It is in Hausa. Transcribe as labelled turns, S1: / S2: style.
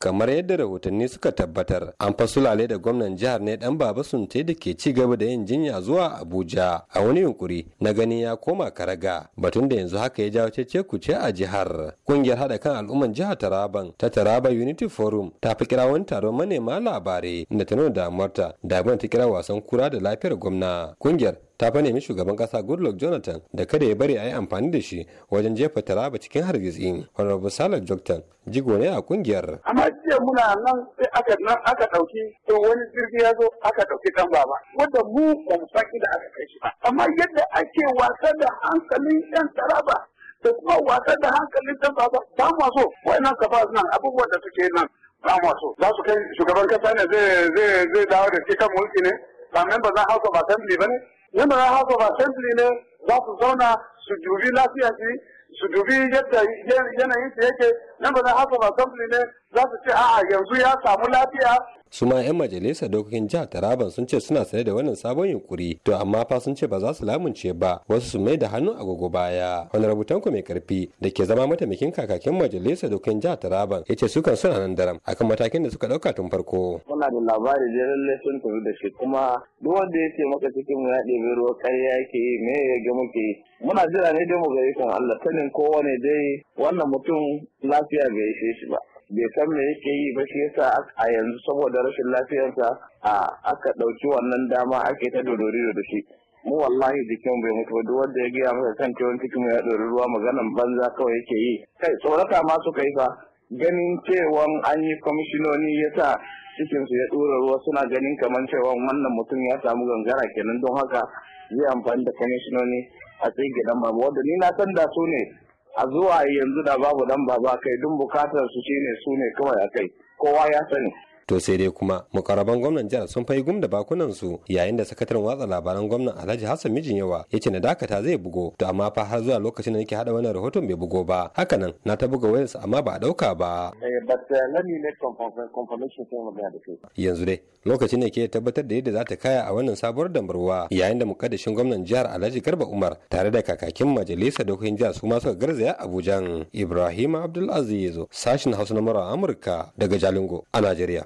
S1: kamar yadda rahotanni suka tabbatar an sulale da gwamnan jihar ne dan baba sunte da ke ci gaba da yin jinya zuwa abuja a wani yunkuri na gani ya koma karaga batun da yanzu haka ya jawo cece kuce a jihar kungiyar hada kan al'umman jihar taraban ta taraba unity forum ta fi kira wani taron manema labarai da ta nuna damuwarta da ta kira wasan kura da lafiyar gwamna kungiyar ta fa nemi shugaban kasa goodluck jonathan da kada ya bari a yi amfani da shi wajen jefa taraba cikin hargitsi honorable salad joktan jigo ne a kungiyar
S2: amma jiya muna nan sai aka nan aka dauki to wani jirgi ya zo aka dauki dan baba wanda mu ba mu saki da aka kai shi ba amma yadda ake wasa da hankalin yan taraba da kuma wasa da hankalin dan baba ba mu so ba kafa nan abubuwan da suke nan ba mu so za su kai shugaban kasa ne zai zai dawo da shi kan mulki ne ba member za house of assembly ba ne ya haka ba assembly ne za su zauna su dubi lafiya shi su dubi yadda yanayin su yake nan ba house ba ne za su ce a'a ah, yanzu ya samu lafiya
S1: su ma 'yan majalisar dokokin jihar taraban sun ce suna sane da wannan sabon yunkuri to amma fa sun ce ba za su lamunce ba wasu su mai da hannu agogo baya wani rubutanku mai karfi da ke zama mataimakin kakakin majalisar dokokin jihar taraban ya ce su kan suna nan daram akan matakin da suka ɗauka tun farko.
S3: muna da labari da lalle sun tafi da shi kuma duk wanda ya ce maka cikin mu ya ɗebi ruwa karya yake yi me ya ga muke muna jira ne dai mu ga ikon Allah sanin kowane dai wannan mutum lafiya bai ishe shi ba. bai san me yake yi ba shi yasa a yanzu saboda rashin lafiyarsa a aka ɗauki wannan dama ake ta dodori da shi mu wallahi jikin bai mutu ba duk wanda ya gaya masa kan cewa cikin ya ɗori ruwa maganan banza kawai yake yi kai tsorata ma suka yi fa ganin cewa an yi kwamishinoni yasa cikin su ya ɗora ruwa suna ganin kamar cewa wannan mutum ya samu gangara kenan don haka zai amfani da kwamishinoni a tsaye gidan babu wanda ni na san da su ne a zuwa yanzu da babu dan baba kai dun bukatar su shine su ne kawai a kai kowa ya sani
S1: to sai dai kuma mukarraban gwamnan jihar sun fai gum da bakunan su yayin da sakataren watsa labaran gwamnan Alhaji Hassan Mijin yawa yace na dakata zai bugo to amma fa har zuwa lokacin da nake hada wannan rahoton bai bugo ba hakanan na ta buga wayarsa amma ba a dauka ba
S3: eh, uh,
S1: yanzu dai lokacin ne ke tabbatar da yadda za ta kaya a wannan sabuwar damarwa yayin da mukaddashin gwamnan jihar Alhaji Garba Umar tare da kakakin majalisar dokokin jihar su ma suka garzaya Abuja Ibrahim Abdulaziz sashin Hausa na Amurka daga Jalingo a Najeriya